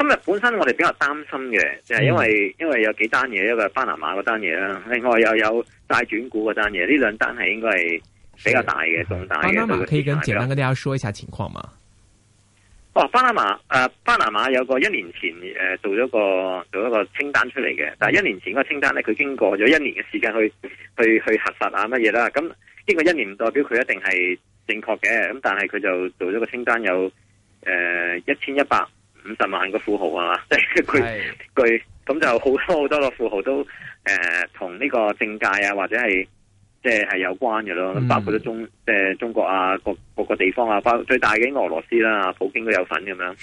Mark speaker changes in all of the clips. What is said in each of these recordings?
Speaker 1: 今日本身我哋比較擔心嘅，就係、是、因為、嗯、因為有幾單嘢，一個係巴拿馬嗰單嘢啦，另外又有債轉股嗰單嘢，呢兩單係應該係比較大嘅重大嘅。巴拿馬可以跟
Speaker 2: 簡單跟大家說一下情況嘛？
Speaker 1: 哦，巴拿馬誒、呃，巴拿馬有個一年前誒、呃、做咗個做咗個清單出嚟嘅，但係一年前個清單咧，佢經過咗一年嘅時間去去去核實啊乜嘢啦，咁經過一年代表佢一定係正確嘅，咁但係佢就做咗個清單有誒一千一百。呃五十萬個富豪啊嘛，即係佢佢咁就好多好多個富豪都誒同呢個政界啊或者係即係係有關嘅咯、嗯，包括咗中即係、呃、中國啊各各個地方啊，包括最大嘅俄羅斯啦、啊，普京都有份咁樣。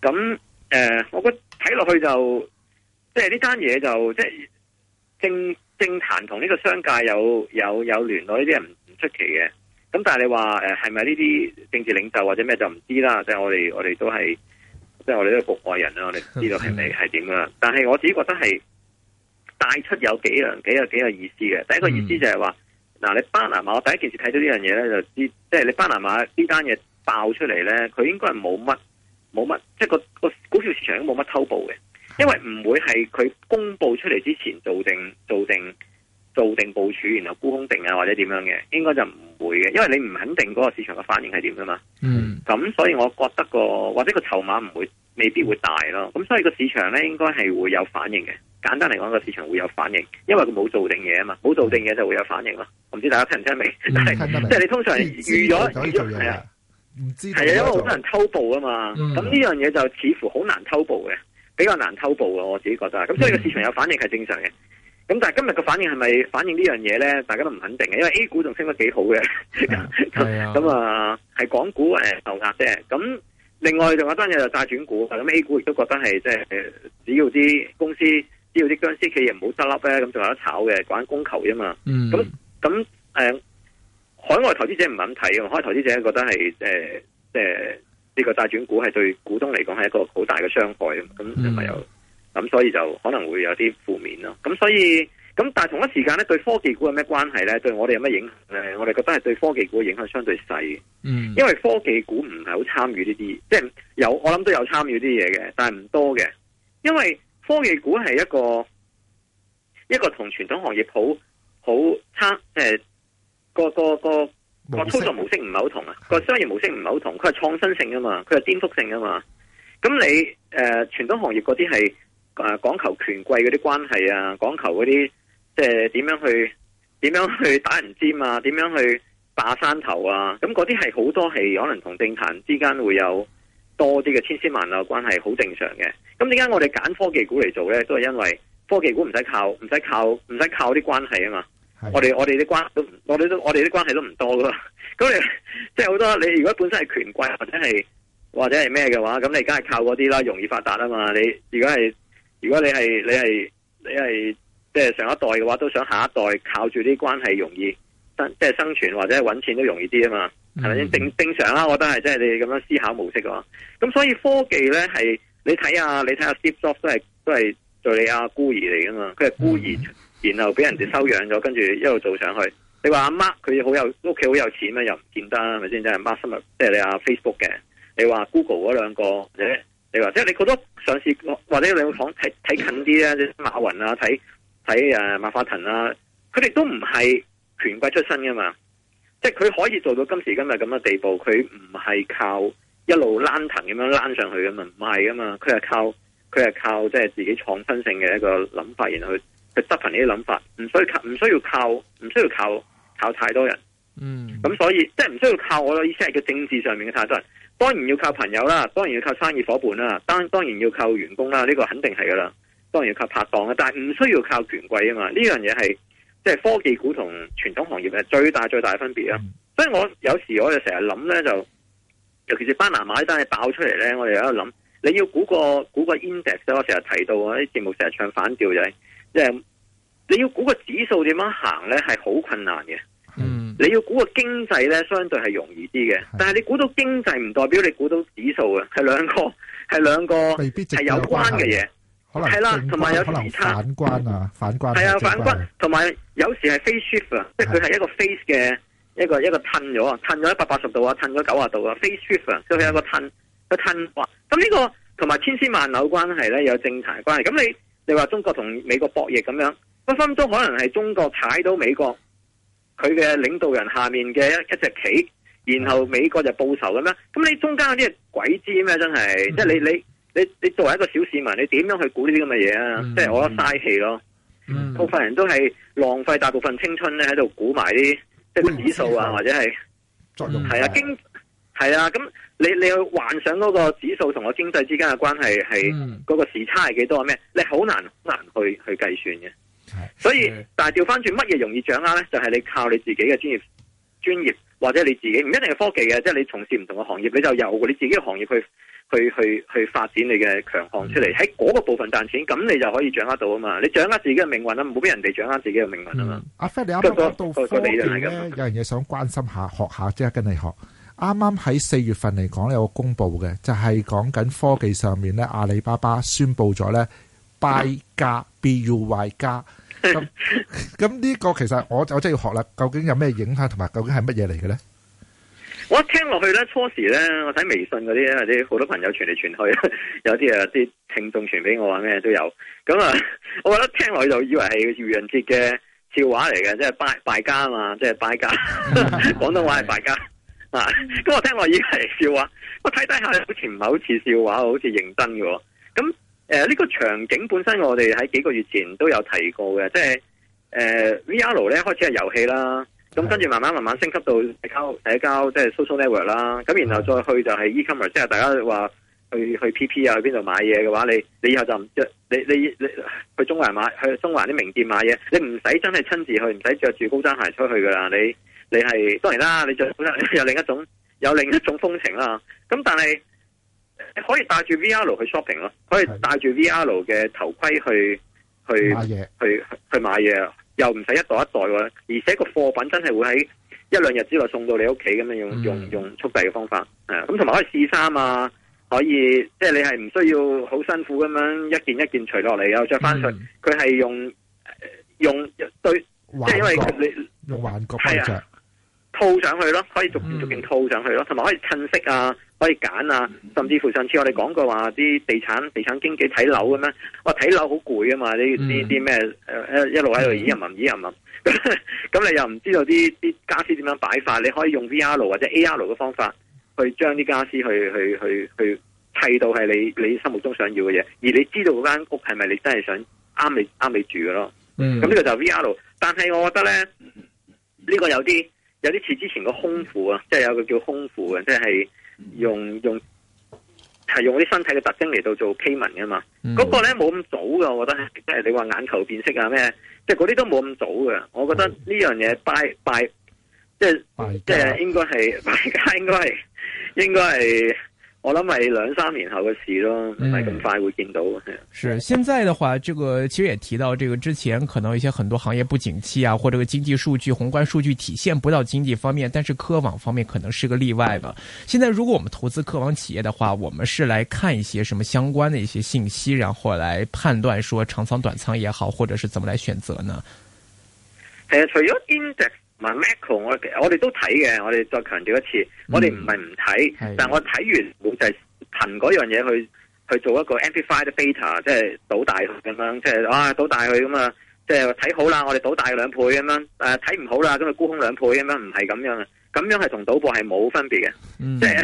Speaker 1: 咁誒、呃，我覺睇落去就即係呢單嘢就即、是、係、就是、政政壇同呢個商界有有有聯絡呢啲人唔出奇嘅。咁但係你話誒係咪呢啲政治領袖或者咩就唔知啦。即、就、係、是、我哋我哋都係。即係我哋都局外人啦，我哋唔知道係咪係點啦。但係我自己覺得係帶出有幾樣幾有幾有意思嘅。第一個意思就係話，嗱、嗯，你巴拿馬，我第一件事睇到呢樣嘢咧，就知，即係你巴拿馬呢單嘢爆出嚟咧，佢應該係冇乜冇乜，即係、那個個股票市場都冇乜偷步嘅，因為唔會係佢公布出嚟之前做定做定。做定部署，然後沽空定啊，或者點樣嘅，應該就唔會嘅，因為你唔肯定嗰個市場嘅反應係點噶嘛。
Speaker 3: 嗯。
Speaker 1: 咁所以我覺得個或者個籌碼唔會，未必會大咯。咁所以個市場咧應該係會有反應嘅。簡單嚟講，個市場會有反應，因為佢冇做定嘢啊嘛，冇做定嘢就會有反應咯。我唔知大家聽唔聽明，但、嗯、 即係你通常預咗預咗，係啊，唔知係啊，因為好多人偷步啊嘛。咁、嗯、呢樣嘢就似乎好難偷步嘅，比較難偷步啊！我自己覺得，咁、嗯、所以個市場有反應係正常嘅。咁但係今日個反應係咪反映呢樣嘢咧？大家都唔肯定嘅，因為 A 股仲升得幾好嘅。咁 啊、 嗯，係 港股誒受壓啫。咁另外仲有單嘢就債轉股，咁 A 股亦都覺得係即係只要啲公司，只要啲殭屍企業唔好執笠咧，咁仲有得炒嘅，講緊供求啫嘛。咁咁誒，海外投資者唔肯睇啊，海外投資者覺得係誒即係呢個債轉股係對股東嚟講係一個好大嘅傷害。咁因為有。嗯咁所以就可能會有啲負面咯。咁所以咁但係同一時間咧，對科技股有咩關係咧？對我哋有咩影響？我哋覺得係對科技股影響相對細。嗯。因為科技股唔係好參與呢啲，即係有我諗都有參與啲嘢嘅，但係唔多嘅。因為科技股係一個一個同傳統行業好好差誒、呃、個個個個操作模式唔係好同啊，個商業模式唔係好同。佢係創新性啊嘛，佢係顛覆性啊嘛。咁你誒傳、呃、統行業嗰啲係。誒，講求權貴嗰啲關係啊，講求嗰啲即係點樣去點樣去打人尖啊，點樣去霸山頭啊，咁嗰啲係好多係可能同政壇之間會有多啲嘅千絲萬縷關係，好正常嘅。咁點解我哋揀科技股嚟做咧？都係因為科技股唔使靠，唔使靠，唔使靠啲關係啊嘛。我哋我哋啲關，我哋都我哋啲關係都唔多噶啦。咁你即係好多，你如果本身係權貴或者係或者係咩嘅話，咁你梗係靠嗰啲啦，容易發達啊嘛。你如果係。如果你係你係你係即係上一代嘅話，都想下一代靠住啲關係容易生即係生存或者揾錢都容易啲啊嘛，係咪先正正常啦？我覺得係即係你咁樣思考模式咯。咁所以科技咧係你睇下你睇下 Steve Jobs 都係都係敘利亞孤兒嚟噶嘛？佢係孤兒，mm -hmm. 然後俾人哋收養咗，跟住一路做上去。你話阿 Mark，佢好有屋企好有錢咩？又唔見得，係咪先？即係阿 Mark 深入即係你阿 Facebook 嘅。你話 Google 嗰兩個你話即係你覺得上市或者你會講睇睇，近啲咧，即係馬雲啊，睇睇誒馬化騰啊，佢哋、啊、都唔係權貴出身噶嘛，即係佢可以做到今時今日咁嘅地步，佢唔係靠一路攣騰咁樣攣上去噶嘛，唔係噶嘛，佢係靠佢係靠即係、就是、自己創新性嘅一個諗法，然後去去執行呢啲諗法，唔需要靠，唔需要靠唔需要靠，靠太多人，嗯，咁所以即係唔需要靠我嘅意思係叫政治上面嘅太多人。當然要靠朋友啦，當然要靠生意夥伴啦，當當然要靠員工啦，呢、這個肯定係噶啦，當然要靠拍檔啊，但係唔需要靠權貴啊嘛，呢樣嘢係即係科技股同傳統行業嘅最大最大嘅分別啊、嗯，所以我有時我哋成日諗呢，就，尤其是巴拿馬真係爆出嚟呢，我哋喺度諗，你要估個估個 index，我成日提到我啲節目成日唱反調就係、是，你要估個指數點樣行呢，係好困難嘅。你要估個經濟咧，相對係容易啲嘅。但係你估到經濟唔代表你估到指數啊，係兩個係兩個未必係有關嘅嘢。
Speaker 2: 係啦，同埋有時差反關啊，反關係啊，反關。
Speaker 1: 同埋有，有時係 face shift 啊，即係佢係一個 face 嘅一個 ton, shift，一個褪咗啊，褪咗一百八十度啊，褪咗九十度啊，face shift 啊，即係有個褪個褪咁，呢個同埋千絲萬縷關係咧，有政綱關係。咁你你話中國同美國博弈咁樣，分分鐘可能係中國踩到美國。佢嘅領導人下面嘅一一隻棋，然後美國就報仇咁樣，咁你中間嗰啲鬼知咩真係。即、嗯、係、就是、你你你你作為一個小市民，你點樣去估呢啲咁嘅嘢啊？即、嗯、係、就是、我覺得嘥氣咯，部、嗯、分人都係浪費大部分青春咧喺度估埋啲即係指數啊，嗯、或者係作用係啊經係啊咁，你你去幻想嗰個指數同個經濟之間嘅關係係嗰、嗯、個時差係幾多咩？你好難好難去去計算嘅。所以，但係調翻轉，乜嘢容易掌握咧？就係、是、你靠你自己嘅專業、專業或者你自己，唔一定係科技嘅，即、就、係、是、你從事唔同嘅行業，你就由你自己嘅行業去、去、去、去發展你嘅強項出嚟，喺嗰個部分賺錢，咁你就可以掌握到啊嘛。你掌握自己嘅命運啦，唔好俾人哋掌握自己嘅命運
Speaker 3: 啊嘛。嗯、阿
Speaker 2: 肥，你啱
Speaker 1: 啱講到科技、那個、
Speaker 2: 樣，有人嘢想關心下、學下，即係跟你學。啱啱喺四月份嚟講有個公布嘅就係講緊科技上面咧，阿里巴巴宣布咗咧 buy 加 B U Y 加。拜咁咁呢個其實我就真係要學啦。究竟有咩影響，同埋究竟係乜嘢嚟嘅咧？
Speaker 1: 我一聽落去咧，初時咧，我睇微信嗰啲，或者好多朋友傳嚟傳去，有啲啊啲聽眾傳俾我話咩都有。咁啊，我覺得聽落去就以為係愚人節嘅笑話嚟嘅，即係敗敗家啊嘛，即係敗家。廣 東話係敗家 啊。咁我聽落以為係笑話，我睇低下好似唔係好似笑話，好似認真嘅。咁。誒、呃，呢、這個場景本身我哋喺幾個月前都有提過嘅，即係誒、呃、V R 咧開始係遊戲啦，咁跟住慢慢慢慢升級到社交，社交即係 social network 啦，咁然後再去就係 e-commerce，即係大家話去去，去 P P 啊，去邊度買嘢嘅話，你你以後就唔着你你你，你去中環買去中環啲名店買嘢，你唔使真係親自去，唔使着住高踭鞋出去噶啦，你你係當然啦，你着有另一種有另一種風情啦，咁但係。可以帶住 V R 去 shopping 咯、嗯，可以帶住 V R 嘅頭盔去去買嘢，去去買嘢，又唔使一袋一袋嘅，而且個貨品真係會喺一兩日之內送到你屋企咁樣，用用用速遞嘅方法，係咁同埋可以試衫啊，可以即係你係唔需要好辛苦咁樣一件一件除落嚟又着翻佢，佢係、嗯、用用對即係、就是、因為你
Speaker 2: 用幻覺係啊。
Speaker 1: 套上去咯，可以逐件逐件套上去咯，同埋可以襯色啊，可以揀啊，甚至乎上次我哋講過話啲地產地產經紀睇樓咁樣，哇睇樓好攰啊嘛！你啲啲咩誒一路喺度演人民演人民。咁你又唔知道啲啲傢俬點樣擺法，你可以用 V R 路或者 A R 嘅方法去將啲家私去去去去砌到係你你心目中想要嘅嘢，而你知道嗰間屋係咪你真係想啱你啱你住嘅咯？咁、嗯、呢個就 V R 路，但係我覺得咧，呢、這個有啲。有啲似之前個空腹啊，即係有個叫空腹啊，即係用用係用啲身體嘅特徵嚟到做 K 文㗎嘛。嗰個咧冇咁早噶，我覺得即係你話眼球變色啊咩，即係嗰啲都冇咁早㗎。我覺得呢樣嘢拜拜，即係即係應該係大家應該係應該係。應該我諗係兩三年後嘅事咯，唔係咁快會見到。
Speaker 2: 係、嗯。是現在的話，這個其實也提到，這個之前可能一些很多行業不景氣啊，或者個經濟數據、宏觀數據體現不到經濟方面，但是科網方面可能是個例外吧。現在如果我們投資科網企業的話，我們是來看一,一些什麼相關的一些信息，然後來判斷說長倉、短倉也好，或者是怎麼來選擇
Speaker 1: 呢？呃，除唔 macro 我我哋都睇嘅。我哋再強調一次，我哋唔係唔睇，但係我睇完冇就憑嗰樣嘢去去做一個 amplified beta，即係賭大咁樣，即係啊賭大佢咁啊，樣即係睇好啦，我哋賭大兩倍咁樣，睇、啊、唔好啦，咁啊沽空兩倍咁樣，唔係咁樣，咁樣係同賭博係冇分別嘅、嗯，即係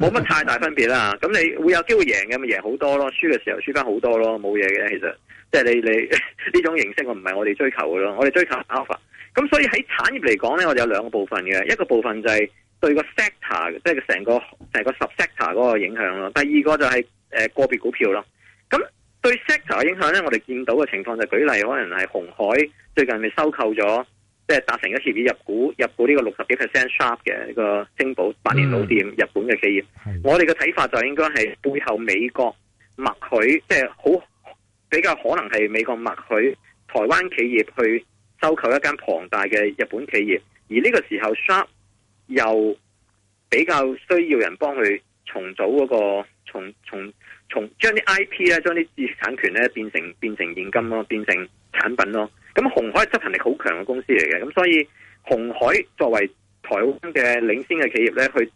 Speaker 1: 冇乜太大分別啦。咁 你會有機會贏嘅，咪贏好多咯，輸嘅時候輸翻好多咯，冇嘢嘅其實。即係你你呢種形式，我唔係我哋追求嘅咯，我哋追求 alpha, 咁所以喺產業嚟講咧，我哋有兩個部分嘅，一個部分就係對個 sector，即係成個成個 subsector 嗰個影響咯。第二個就係、是呃、個別股票咯。咁對 sector 嘅影響咧，我哋見到嘅情況就舉例，可能係鴻海最近咪收購咗，即、就、係、是、達成一協議入股，入股呢個六十幾 percent Sharp 嘅呢、這個升保百年老店日本嘅企業。我哋嘅睇法就應該係背後美國默許，即係好比較可能係美國默許台灣企業去。收購一間龐大嘅日本企業，而呢個時候 Sharp 又比較需要人幫佢重組嗰、那個，從從將啲 IP 咧，將啲知識產權咧變成變成現金咯，變成產品咯。咁鴻海執行力好強嘅公司嚟嘅，咁所以鴻海作為台灣嘅領先嘅企業咧，去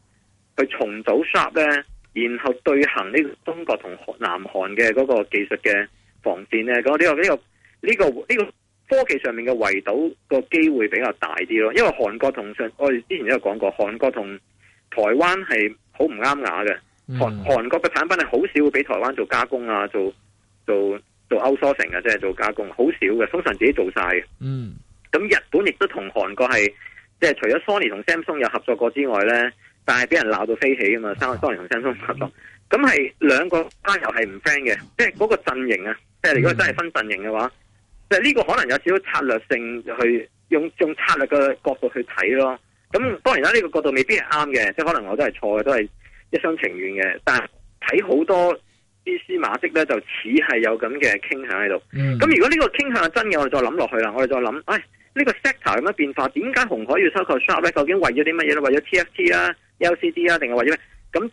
Speaker 1: 去重組 Sharp 咧，然後對行呢個中國同南韓嘅嗰個技術嘅防線咧，咁、那、呢個呢個呢個呢個。這個這個這個科技上面嘅圍堵個機會比較大啲咯，因為韓國同上，我哋之前都有講過，韓國同台灣係好唔啱牙嘅。韓韓國嘅產品係好少會俾台灣做加工啊，做做做 outsourcing 啊，即係做加工，好少嘅，通常自己做晒嘅。嗯，咁日本亦都同韓國係，即係除咗 Sony 同 Samsung 有合作過之外咧，但係俾人鬧到飛起啊嘛，Sony 同 Samsung 合作，咁係兩個又係唔 friend 嘅，即係嗰個陣營啊，即係如果真係分陣營嘅話。即係呢個可能有少少策略性去用用策略嘅角度去睇咯。咁當然啦，呢個角度未必係啱嘅，即係可能我都係錯嘅，都係一廂情願嘅。但係睇好多蛛絲馬跡咧，就似係有咁嘅傾向喺度。咁、嗯、如果呢個傾向係真嘅，我哋再諗落去啦。我哋再諗，哎，呢、呢個 sector 有乜變化？點解鴻海要收購 Sharp 咧？究竟為咗啲乜嘢？為咗 TFT 啊、LCD 啊，定係為咗咩？咁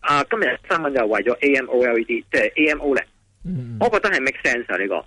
Speaker 1: 啊，今日的新聞就係為咗 AMOLED，即係 AMOLED、嗯、我覺得係 make sense 啊，呢、呢個。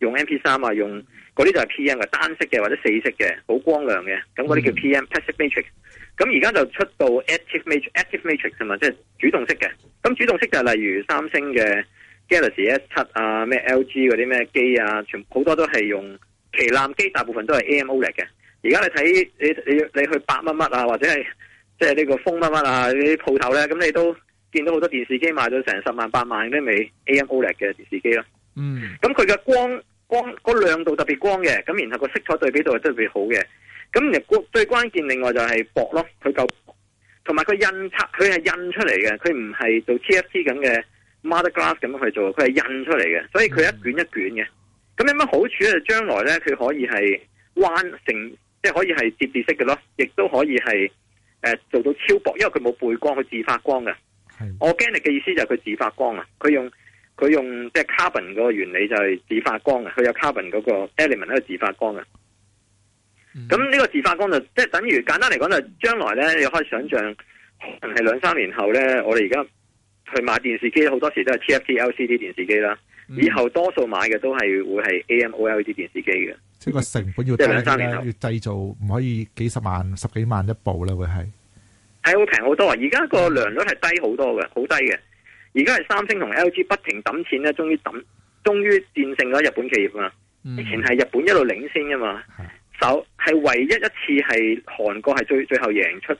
Speaker 1: 用 M P 三啊，用嗰啲就係 P M 嘅單色嘅或者四色嘅，好光亮嘅，咁嗰啲叫 P M、嗯、passive matrix。咁而家就出到 active matrix，active matrix 啊嘛，即、就、係、是、主動式嘅。咁主動式就係例如三星嘅 Galaxy S 七啊，咩 L G 嗰啲咩機啊，全部好多都係用旗艦機，大部分都係 A M O L E D 嘅。而家你睇你你你，你去百乜乜啊，或者係即係呢個風乜乜啊啲鋪頭咧，咁你，你都見到好多電視機賣到成十萬八萬都未 A M O L E D 嘅電視機咯、啊。嗯，咁佢嘅光。光個亮度特別光嘅，咁然後個色彩對比度又特別好嘅，咁然後最關鍵另外就係薄咯，佢夠薄，同埋佢印刷，佢係印出嚟嘅，佢唔係做 TFT 咁嘅 mother glass 咁去做，佢係印出嚟嘅，所以佢一卷一卷嘅。咁有乜好處咧？將來咧，佢可以係彎成，即係可以係折疊式嘅咯，亦都可以係誒、呃、做到超薄，因為佢冇背光，佢自發光嘅。係，organic 嘅意思就係佢自發光啊，佢用。佢用即係 carbon 個原理就係自發光啊，佢有 carbon 嗰個 element 咧，係自發光啊。咁、嗯、呢個自發光就即係等於簡單嚟講就，將來咧你可以想象，可能係兩三年後咧，我哋而家去買電視機好多時都係 TFT LCD 電視機啦、嗯，以後多數買嘅都係會係 AMOLED 電視機嘅。即係
Speaker 2: 個成本要即係兩三年要製造唔可以幾十萬、十幾萬一部啦，會係
Speaker 1: 係會平好多啊！而家個良率係低好多嘅，好低嘅。而家係三星同 LG 不停抌錢咧，終於抌，終於戰勝咗日本企業嘛。
Speaker 3: 以前係
Speaker 1: 日本一路領先噶嘛，係，就係唯一一次係韓國係最最後贏出。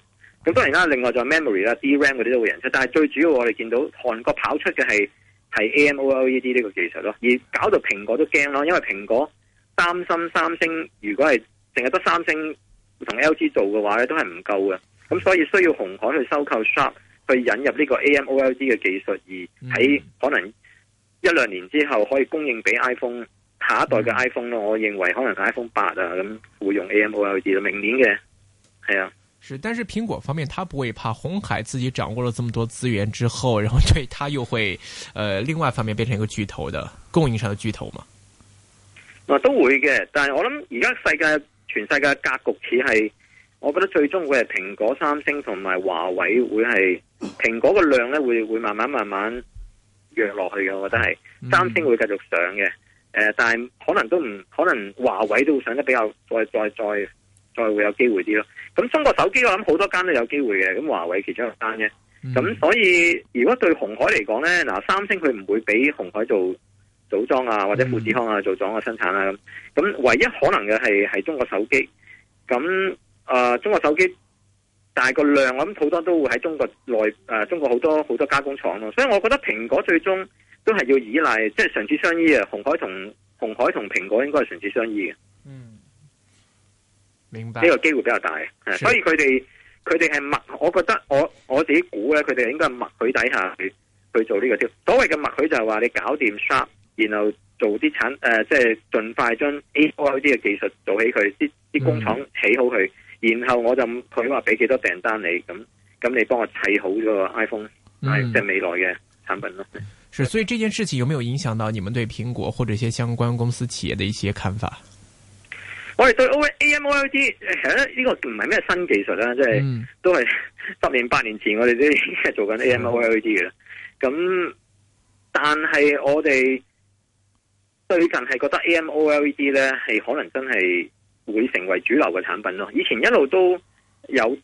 Speaker 1: 咁當然啦，另外就 memory 啦、DRAM 嗰啲都會贏出，但係最主要我哋見到韓國跑出嘅係係 AMOLED 呢個技術咯，而搞到蘋果都驚咯，因為蘋果擔心三星如果係淨係得三星同 LG 做嘅話咧，都係唔夠嘅，咁所以需要鴻海去收購 Sharp。去引入呢個 AMOLED 嘅技術，而喺可能一兩年之後可以供應俾 iPhone 下一代嘅 iPhone 咯、嗯。我認為可能 iPhone 八啊咁會用 AMOLED 咯，明年嘅係啊。
Speaker 2: 是，但是蘋果方面，他不會怕紅海自己掌握了這麼多資源之後，然後對他又會、呃，另外方面變成一個巨頭的供應上嘅巨頭嘛。
Speaker 1: 都會嘅，但係我諗而家世界全世界格局似係。我覺得最終會係蘋果、三星同埋華為，會係蘋果嘅量咧，會會慢慢慢慢弱落去嘅。我覺得係三星會繼續上嘅，誒、呃，但係可能都唔可能華為都會上得比較再再再再會有機會啲咯。咁中國手機我諗好多間都有機會嘅，咁華為其中一間啫，咁、嗯、所以如果對鴻海嚟講咧，嗱，三星佢唔會俾鴻海做組裝啊或者富士康啊做組裝、啊、生產啦、啊，咁咁唯一可能嘅係係中國手機咁。那誒、呃，中國手機大個量，我諗好多都會喺中國內誒、呃，中國好多好多加工廠咯，所以我覺得蘋果最終都係要依賴，即係唇齒相依啊！紅海同紅海同蘋果應該係唇齒相依嘅。嗯，
Speaker 3: 明白呢、這
Speaker 1: 個機會比較大是，所以佢哋佢哋係默，我覺得我我自己估咧，佢哋應該係默許底下去去做呢、這個跳。所謂嘅默許就係話你搞掂 Sharp，然後做啲產誒、呃，即係盡快將 AMOLED 啲嘅技術做起佢，啲啲工廠起好佢。嗯然後我就佢話俾幾多訂單你，咁咁你幫我砌好個 iPhone，即、嗯、係、就是、未來嘅產品咯。
Speaker 2: 所以這件事情有沒有影響到你們對蘋果或者一些相關公司企業的一些看法？
Speaker 1: 我哋對 AMOLED 呢個唔係咩新技術啦，即、就、係、是、都係十年八年前我哋都已經係做緊 AMOLED 嘅啦。咁、嗯、但係我哋最近係覺得 AMOLED 呢係可能真係。會成為主流嘅產品咯。以前一路都有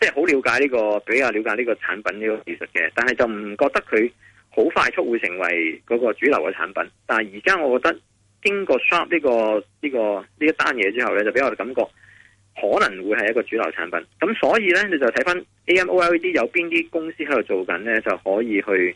Speaker 1: 即係好了解呢個，比較了解呢個產品呢個技術嘅，但係就唔覺得佢好快速會成為嗰個主流嘅產品。但係而家我覺得經過 Sharp 呢個呢個呢一單嘢之後呢，就俾我哋感覺可能會係一個主流產品。咁所以呢，你就睇翻 AMOLED 有邊啲公司喺度做緊呢，就可以去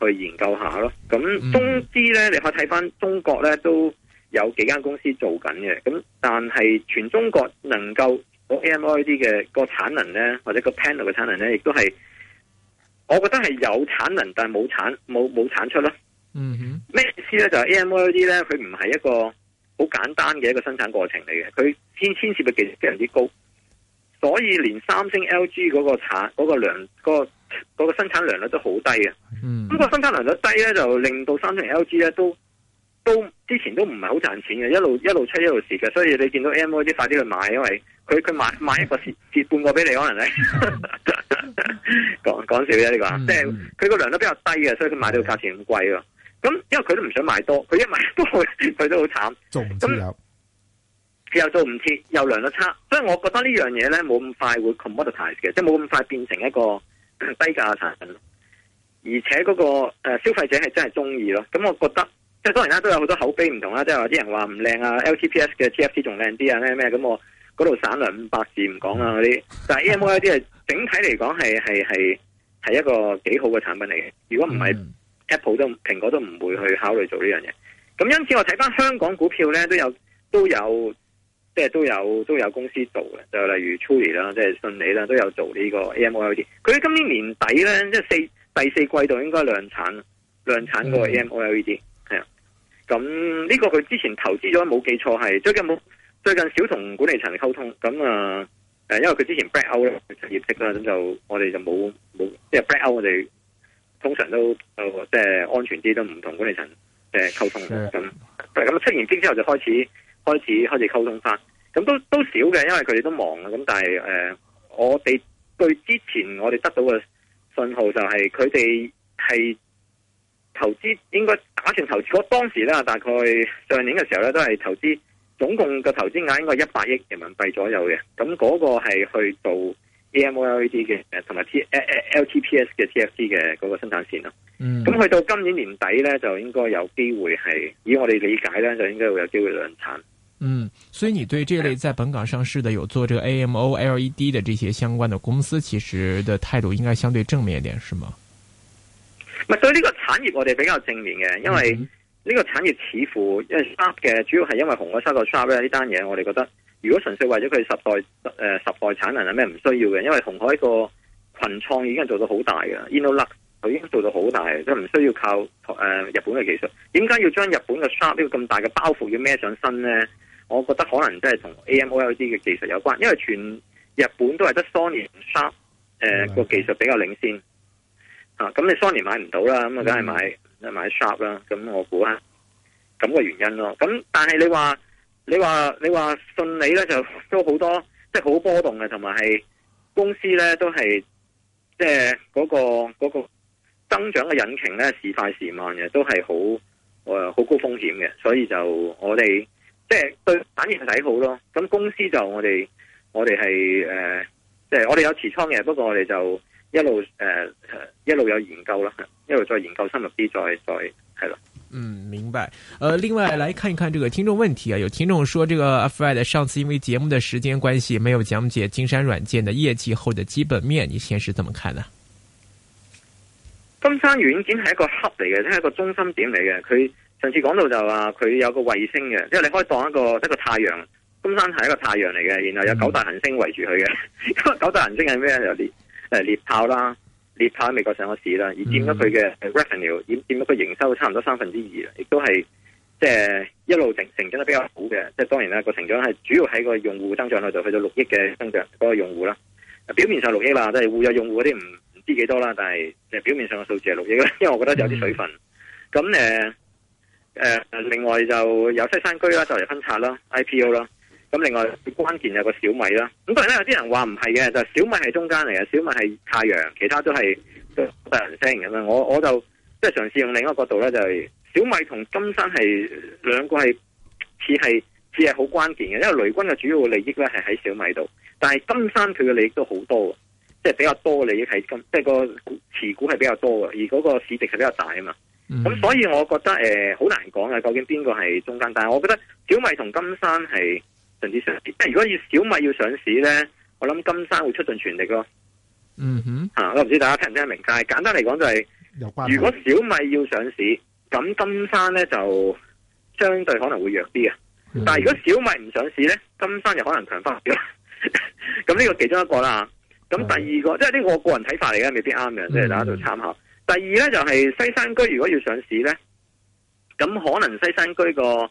Speaker 1: 去研究下咯。咁總之呢，你可以睇翻中國呢都。有幾間公司做緊嘅，咁但係全中國能夠做 AMOLED 嘅個產能咧，或者個 panel 嘅產能咧，亦都係，我覺得係有產能但係冇產冇冇產出咯、啊。嗯哼，咩意思咧？就係、是、AMOLED 咧，佢唔係一個好簡單嘅一個生產過程嚟嘅，佢牽牽涉嘅技術非常之高，所以連三星、LG 嗰個產、嗰個量、嗰個、嗰個生產量率都好低嘅、啊。咁、mm -hmm. 個生產量率低咧，就令到三星 LG 呢、LG 咧都。都之前都唔係好賺錢嘅，一路一路出一路蝕嘅，所以你見到 AMOLED 快啲去買，因為佢佢買買一個蝕蝕半個俾你，可能咧講講笑啫呢個，即係佢個量都比較低嘅，所以佢買到價錢咁貴咯。咁因為佢都唔想買多，佢一買多佢都好慘，做唔到又做唔切，又量得差，所以我覺得呢樣嘢咧冇咁快會 commoditize 嘅，即係冇咁快變成一個低價嘅產品，而且嗰、那個誒、呃、消費者係真係中意咯，咁我覺得。即係當然啦，都有好多口碑唔同啦，即係話啲人話唔靚啊，LTPS 嘅 TFT 仲靚啲啊，咩咩咁我嗰度省略五百字唔講啊嗰啲。 但係 AMOLED 係整體嚟講係係係係一個幾好嘅產品嚟嘅。如果唔係 Apple 都蘋果都唔會去考慮做呢樣嘢。咁因此我睇翻香港股票咧都有都有即係、就是、都有都有公司做嘅，就例如 Truly 啦，即係信利啦，都有做呢個 AMOLED。佢喺今年年底咧即係四第四季度應該量產量產個 AMOLED。 咁呢個佢之前投資咗，冇記錯係最近冇最近少同管理層溝通咁啊誒，因為佢之前 blackout 啦，業績啦，咁就我哋就冇冇即係 blackout，我哋通常都即係、呃、安全啲都唔同管理層誒、呃、溝通嘅咁咁出完績之後就開始開始開始溝通翻，咁都都少嘅，因為佢哋都忙啊。咁但係誒、呃，我哋對之前我哋得到嘅信號就係佢哋係。投資應該打算投資，我當時咧大概上年嘅時候咧都係投資，總共嘅投資額應該一百億人民幣左右嘅。咁嗰個係去到 AMOLED 嘅，誒同埋 T LTPS 嘅 TFT 嘅嗰個生產線咯。嗯，咁去到今年年底咧就應該有機會係，以我哋理解咧就應該會有機會量產。嗯，
Speaker 2: 所以你對這類在本港上市的有做這個 AMOLED 的這些相關的公司，其實的態度應該相對正面一點，是嗎？
Speaker 1: 咪對呢個產業我哋比較正面嘅，因為呢個產業似乎因為 Sharp 嘅主要係因為紅海沙個 Sharp 咧呢單嘢，我哋覺得如果純粹為咗佢十代誒、呃、十代產能係咩唔需要嘅，因為紅海個群創已經做到好大嘅 Innolux 已經做到好大，即係唔需要靠誒、呃、日本嘅技術。點解要將日本嘅 Sharp 呢個咁大嘅包袱要孭上身咧？我覺得可能真係同 AMOLED 嘅技術有關，因為全日本都係得 Sony 同 Sharp 誒個技術比較領先。嗯啊，咁你 Sony 買唔到啦，咁啊梗係買、嗯、買 Sharp 啦，咁我估下，咁、那個原因咯。咁但係你話你話你話順利咧，就都好多即係好波動嘅，同埋係公司咧都係即係嗰個、嗰個增長嘅引擎咧，時快時慢嘅，都係好誒好高風險嘅，所以就我哋即係對反而係睇好咯。咁公司就我哋我哋係誒即係我哋有持倉嘅，不過我哋就。一路誒、呃，一路有研究啦，一路再研究深入啲，再再
Speaker 2: 係啦。嗯，明白。誒、呃，另外來看一看這個聽眾問題啊，有聽眾說，這個 Fred 上次因為節目的時間關係，沒有講解金山軟件的業績後的基本面，你先是怎麼看呢、啊？
Speaker 1: 金山軟件係一個 hub 嚟嘅，即係一個中心點嚟嘅。佢上次講到就話佢有個衛星嘅，即係你可以當一個一個太陽。金山係一個太陽嚟嘅，然後有九大行星圍住佢嘅。咁、嗯、 九大行星係咩啊？有啲。誒、就是，獵豹啦，獵豹喺美國上咗市啦，而佔咗佢嘅 Revenue，佔佔咗佢營收差唔多三分之二，亦都係即係一路成成長得比較好嘅。即係當然啦，個成長係主要喺個用戶增長度，就去到六億嘅增長嗰、那個用戶啦。表面上六億啦，即係活躍用戶嗰啲唔唔知幾多啦，但係係表面上嘅數字係六億啦。因為我覺得有啲水分。咁誒誒，另外就有西山居啦，就嚟分拆啦，IPO 啦。咁另外關鍵有個小米啦，咁當然咧，有啲人話唔係嘅，就是、小米係中間嚟嘅，小米係太陽，其他都係大行星。咁我我就即係、就是、嘗試用另一個角度咧，就係、是、小米同金山係兩個係似係似係好關鍵嘅，因為雷軍嘅主要利益咧係喺小米度，但係金山佢嘅利益都好多，即、就、係、是、比較多嘅利益係金，即、就、係、是、個持股係比較多嘅，而嗰個市值係比較大啊嘛。咁、嗯、所以我覺得好、呃、難講嘅，究竟邊個係中間？但係我覺得小米同金山係。甚至上，但係如果要小米要上市咧，我諗金山會出盡全力咯。嗯哼，吓、嗯，我唔知大家聽唔聽得明，但係簡單嚟講就係、
Speaker 3: 是，如果
Speaker 1: 小米要上市，咁金山咧就相對可能會弱啲啊、嗯。但係如果小米唔上市咧，金山就可能強翻啲。咁 呢個其中一個啦。咁第二個，嗯、即係呢個我個人睇法嚟嘅，未必啱嘅，即、嗯、係大家就參考。第二咧就係西山居，如果要上市咧，咁可能西山居個。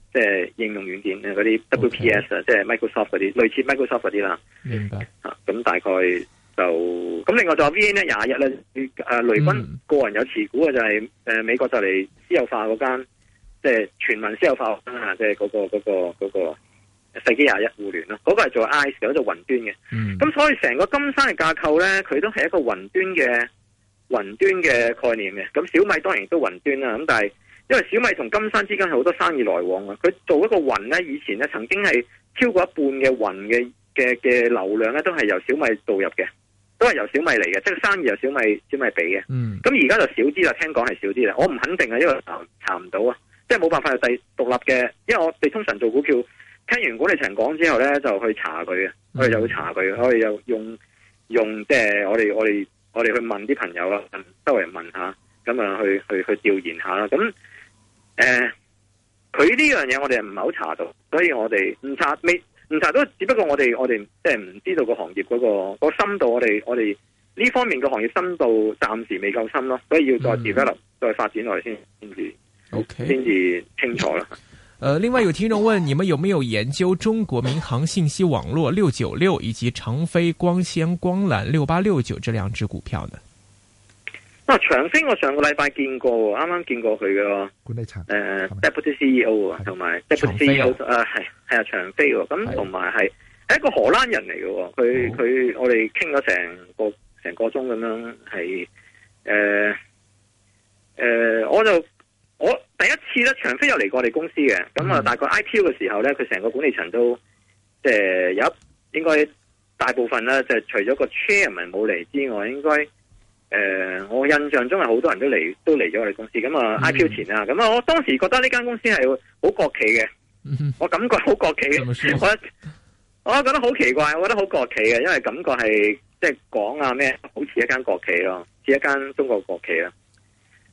Speaker 1: 即係應用軟件，誒嗰啲 WPS 啊、okay.，即係 Microsoft 嗰啲，類似 Microsoft 嗰啲啦。明白、啊、大概就咁。那另外仲有 VN 咧廿一咧，誒雷軍個人有持股嘅就係、是、誒、嗯呃、美國就嚟私有化嗰間，即、就、係、是、全民私有化嗰間，啊，即係嗰個嗰、那個嗰、那個那個世紀廿一互聯咯。嗰、那個係做 ICE 嗰、那個、做雲端嘅。咁、嗯、所以成個金山嘅架構咧，佢都係一個雲端嘅雲端嘅概念嘅。咁小米當然都雲端啦。咁但係，因為小米同金山之間係好多生意來往啊！佢做一個雲咧，以前咧曾經係超過一半嘅雲嘅嘅嘅流量咧，都係由小米導入嘅，都係由小米嚟嘅，即係生意由小米小米俾嘅。嗯，咁而家就少啲啦，聽講係少啲啦，我唔肯定啊，因為查唔到啊，即係冇辦法又第獨立嘅，因為我哋通常做股票，聽完管理層講之後咧，就去查佢嘅，我哋就會查佢、嗯，我哋又用用即係、呃，我哋我哋我哋去問啲朋友啦，周圍人問下，咁啊去去去調研下啦，咁。誒、呃，佢呢樣嘢我哋唔係好查到，所以我哋唔查未，唔查都只不過我哋我哋即係唔知道個行業嗰、那個個深度我，我哋我哋呢方面嘅行業深度暫時未夠深咯，所以要再 develop，再發展落去先先至，
Speaker 3: 先至、
Speaker 1: okay. 清楚啦。
Speaker 2: 誒、呃，另外有聽眾問，你們有沒有研究中國民航信息網絡六九六以及長飛光纖光纜六八六九這兩隻股票呢？
Speaker 1: 啊！長飛，我上個禮拜見過，啱啱見過佢嘅管理層，誒，Deputy CEO 同埋 Deputy CEO，誒，係係啊，CEO, 啊是是的，長飛，咁同埋係係一個荷蘭人嚟嘅，佢佢、哦、我哋傾咗成個成個鐘咁樣，係誒誒，我就我第一次咧，長飛又嚟過我哋公司嘅，咁啊，大概 IPO 嘅時候咧，佢、嗯、成個管理層都即係、呃、有，應該大部分咧，就除咗個 chairman 冇嚟之外，應該。誒，uh, 我印象中係好多人都嚟都嚟咗我哋公司，咁啊 IPO 前啊，咁啊，我當時覺得呢間公司係好國企嘅，我感覺好國企我 我覺得好奇怪，我覺得好國企嘅，因為感覺係即係講啊咩，好、就、似、是、一間國企咯，似一間中國國企咯，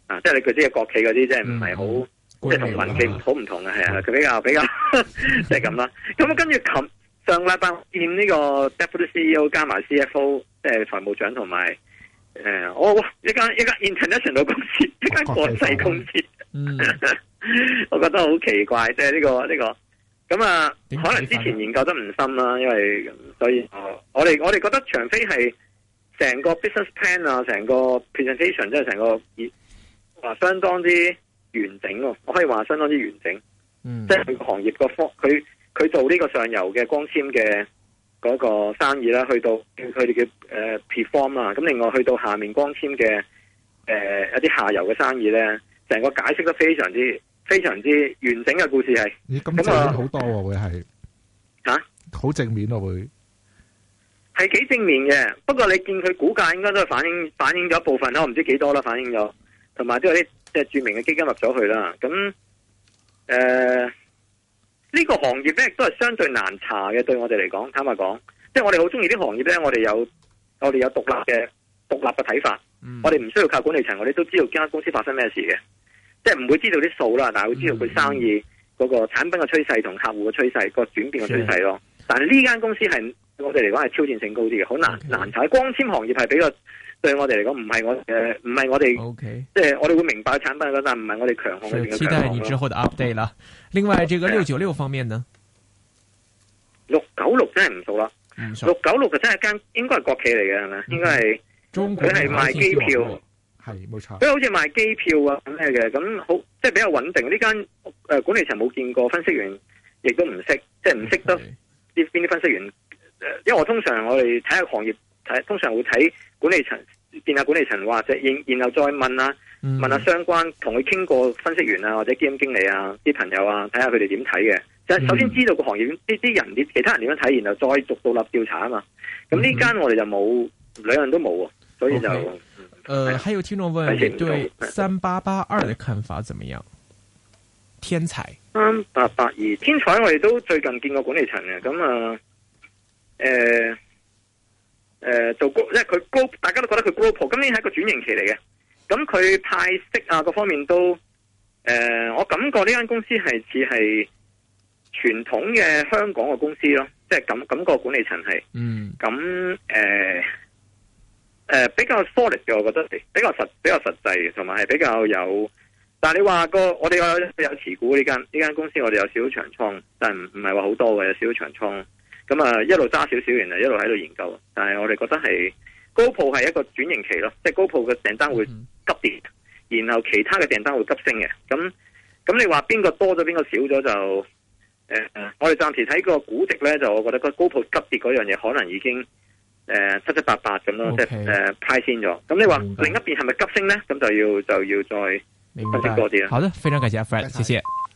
Speaker 1: 啊，即、就、係、是、你佢啲嘅國企嗰啲，嗯、即係唔係好即係同民企好唔同啊，係啊、嗯，佢比較比較 CEO, FO, 即係咁啦。咁跟住琴上禮拜見呢個 Deputy CEO 加埋 CFO，即係財務長同埋，誒、哦，我一間一間 international 公司，一間國際公司，嗯、 我覺得好奇怪，即係呢個呢個，咁、這、啊、個，可能之前研究得唔深啦，因為所以我哋我哋覺得長飛係成個 business plan 啊，成個 presentation 即係成個，話相當之完整咯、啊，我可以話相當之完整，嗯、即係佢個行業個方，佢佢做呢個上游嘅光纖嘅。嗰、那個生意啦，去到佢哋嘅誒 perform 啊，咁另外去到下面光纖嘅誒一啲下游嘅生意咧，成個解釋得非常之非常之完整嘅故事係。
Speaker 2: 咦，咁、啊、正面好多會係吓，好、啊、正面咯會，
Speaker 1: 係幾正面嘅。不過你見佢股價應該都係反映反映咗一部分啦，我唔知幾多啦，反映咗，同埋都有啲即係著名嘅基金入咗去啦。咁誒。呃呢、呢個行業咧都係相對難查嘅，對我哋嚟講，坦白講，即係我哋好中意啲行業咧，我哋有我哋有獨立嘅獨立嘅睇法，嗯、我哋唔需要靠管理層，我哋都知道間公司發生咩事嘅，即係唔會知道啲數啦，但係會知道佢生意嗰、嗯嗰個產品嘅趨勢同客戶嘅趨勢、個轉變嘅趨勢咯。但係呢間公司係我哋嚟講係挑戰性高啲嘅，好難、okay. 難查。光纖行業係比較。對我哋嚟講唔係我誒，唔係我哋，okay. 即係我哋會明白產品嗰陣，唔係我哋強項嘅嘢。期待你之後
Speaker 2: 嘅 update 啦。 另外，呢個六九六方面呢？
Speaker 1: 六九六真係唔熟啦，六九六就真係一間應該係國企嚟嘅，應該係。
Speaker 3: 佢係賣機票，係冇錯。
Speaker 1: 佢好似賣機票啊咁嘅，咁好即係比較穩定。呢間誒管理層冇見過，分析員亦都唔識，即係唔識得呢、okay. 邊啲分析員、呃。因為我通常我哋睇下行業。通常會睇管理層，見下管理層或者，然後再問啊，問下相關，同佢傾過分析員啊，或者基金經理啊啲朋友啊，睇下佢哋點睇嘅。就首先知道個行業呢啲人，其他人點樣睇，然後再逐到立調查啊嘛。咁呢間我哋就冇，兩樣都冇，所以就，誒、okay.
Speaker 2: 呃，還有聽眾問對三八八二的看法怎麼樣？天才
Speaker 1: 三八八二，天才我哋都最近見過管理層嘅，咁、嗯、啊，誒、呃。誒、呃，做高，佢、呃、高，group, 大家都覺得佢 group 今年係一個轉型期嚟嘅。咁佢派息啊，各方面都，誒、呃，我感覺呢間公司係似係傳統嘅香港嘅公司咯，即係感感覺管理層係，嗯，咁、呃、誒，誒、呃，比較 solid 嘅，我覺得，比較實，比較實際同埋係比較有，但係你話個，我哋有有持股呢間呢間公司，我哋有少少長倉，但唔唔係話好多嘅，有少少長倉。咁啊，一路揸少少，原來一路喺度研究。但係我哋覺得係高鋪係一個轉型期咯，即係高鋪嘅訂單會急跌，然後其他嘅訂單會急升嘅。咁咁你話邊個多咗，邊個少咗就誒誒、呃啊，我哋暫時睇個估值咧，就我覺得個高鋪急跌嗰樣嘢可能已經誒、呃、七七八八咁咯，即係誒派先咗。咁你話另一邊係咪急升咧？咁就要就要再
Speaker 3: 分析多啲啦。
Speaker 2: 好的，非常感謝阿 Fred，謝謝。謝謝。